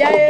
Jai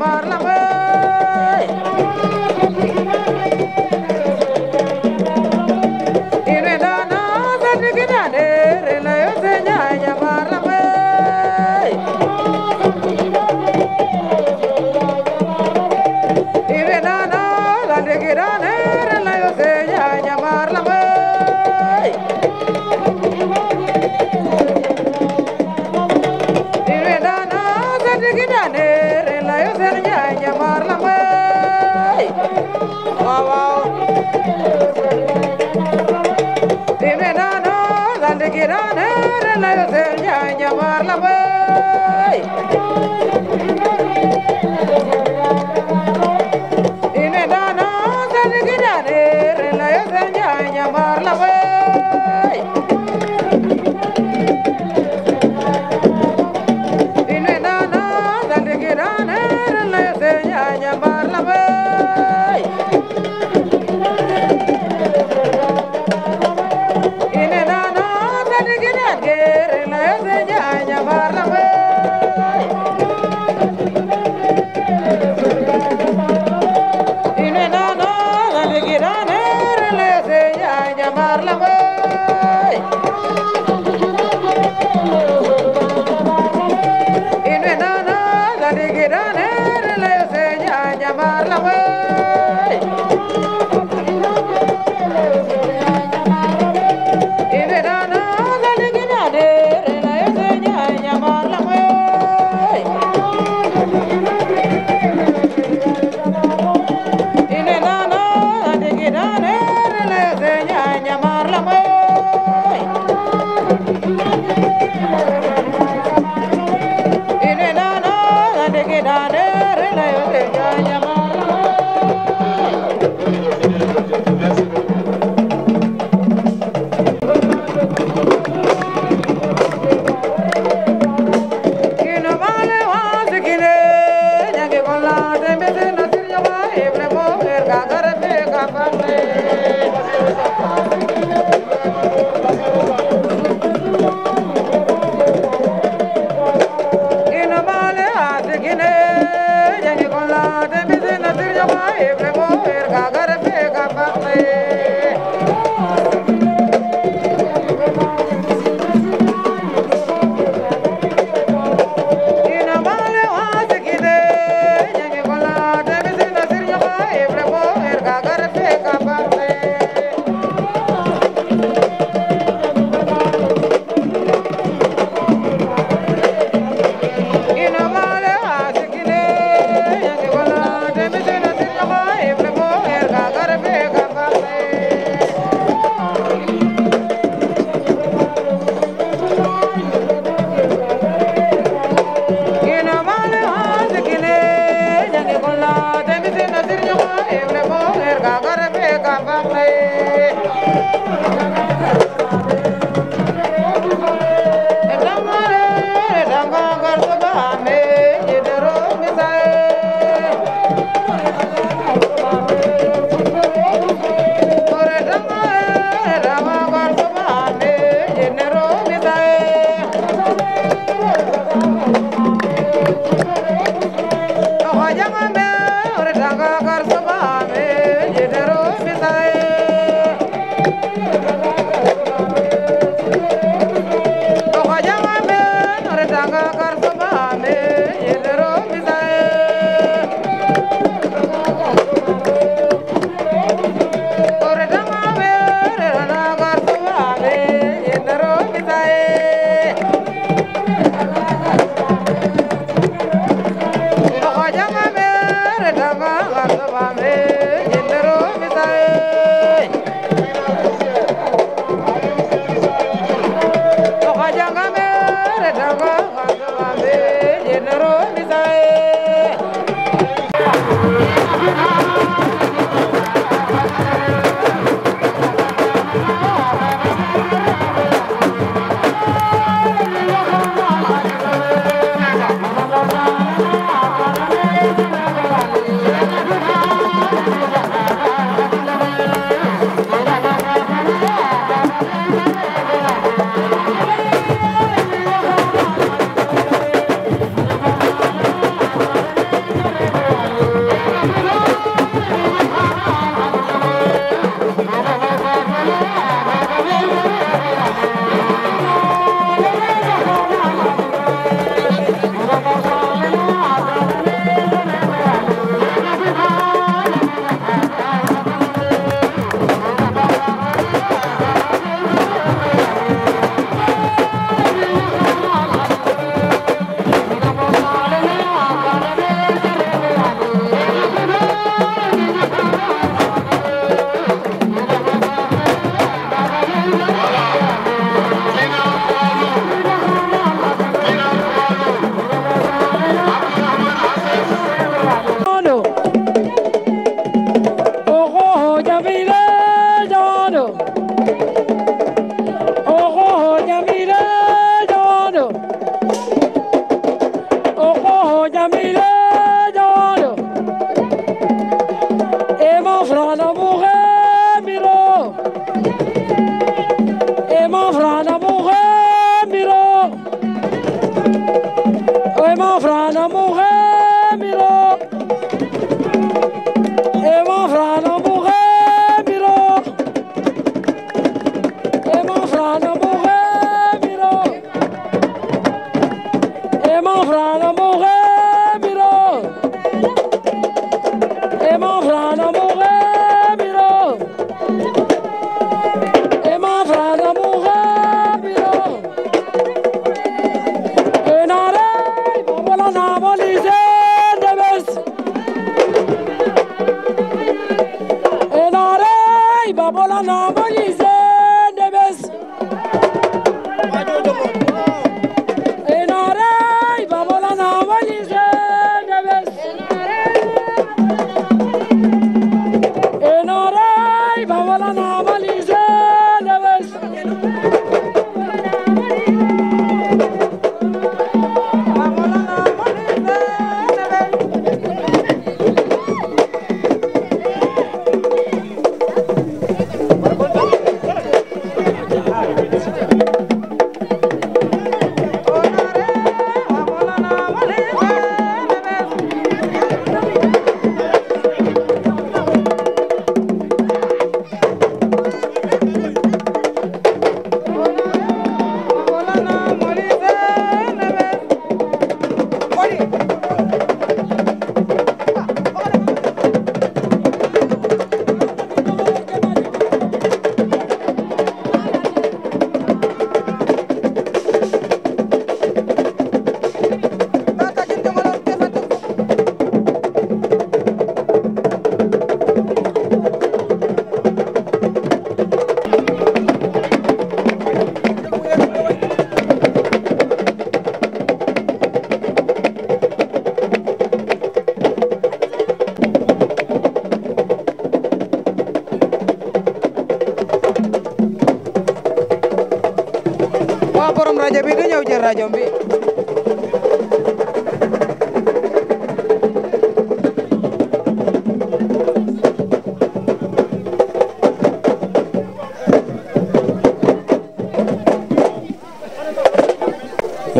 lambar lambar Hey!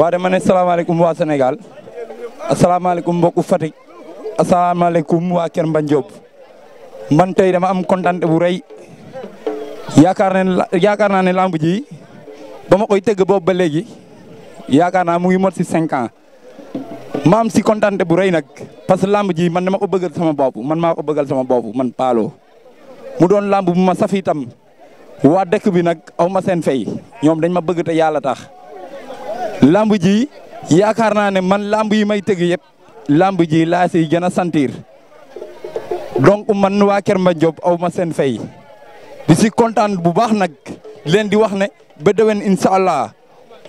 waaw dama ne salaamaaleykum waa Sénégal asalaamaaleykum mbokku Fatick asalaamaaleykum waa Kër Mbagne Diop man tey dama am kontaan bu rëy yaakaar ne yaakaar naa ne lamb ji ba ma koy tëgg boobu ba léegi yaakaar naa mu ngi mot si cinq ans ma si kontaan bu rëy nag parce que lamb ji man dama ko bëggal sama bopp man maa ko bëggal sama boobu man Paalo mu doon lamb mu ma saf itam waa dëkk bi nag aw ma seen fay ñoom dañ ma bëgg te yàlla tax. lamb ji yaakaar naa ne man lamb yi may tëgg yëpp lamb ji laa siy gën a sentir donc man waa Kër Madiop aw ma seen fay di si kontaan bu baax nag leen di wax ne ba déwén incha allah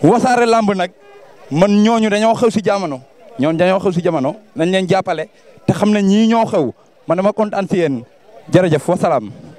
wasaare lamb nag man ñooñu dañoo xew si jamono ñooñu dañoo xew si jamono nañ leen jàppale te xam ne ñii ñoo xew man dama kontaan si yéen jërëjëf wasalaam.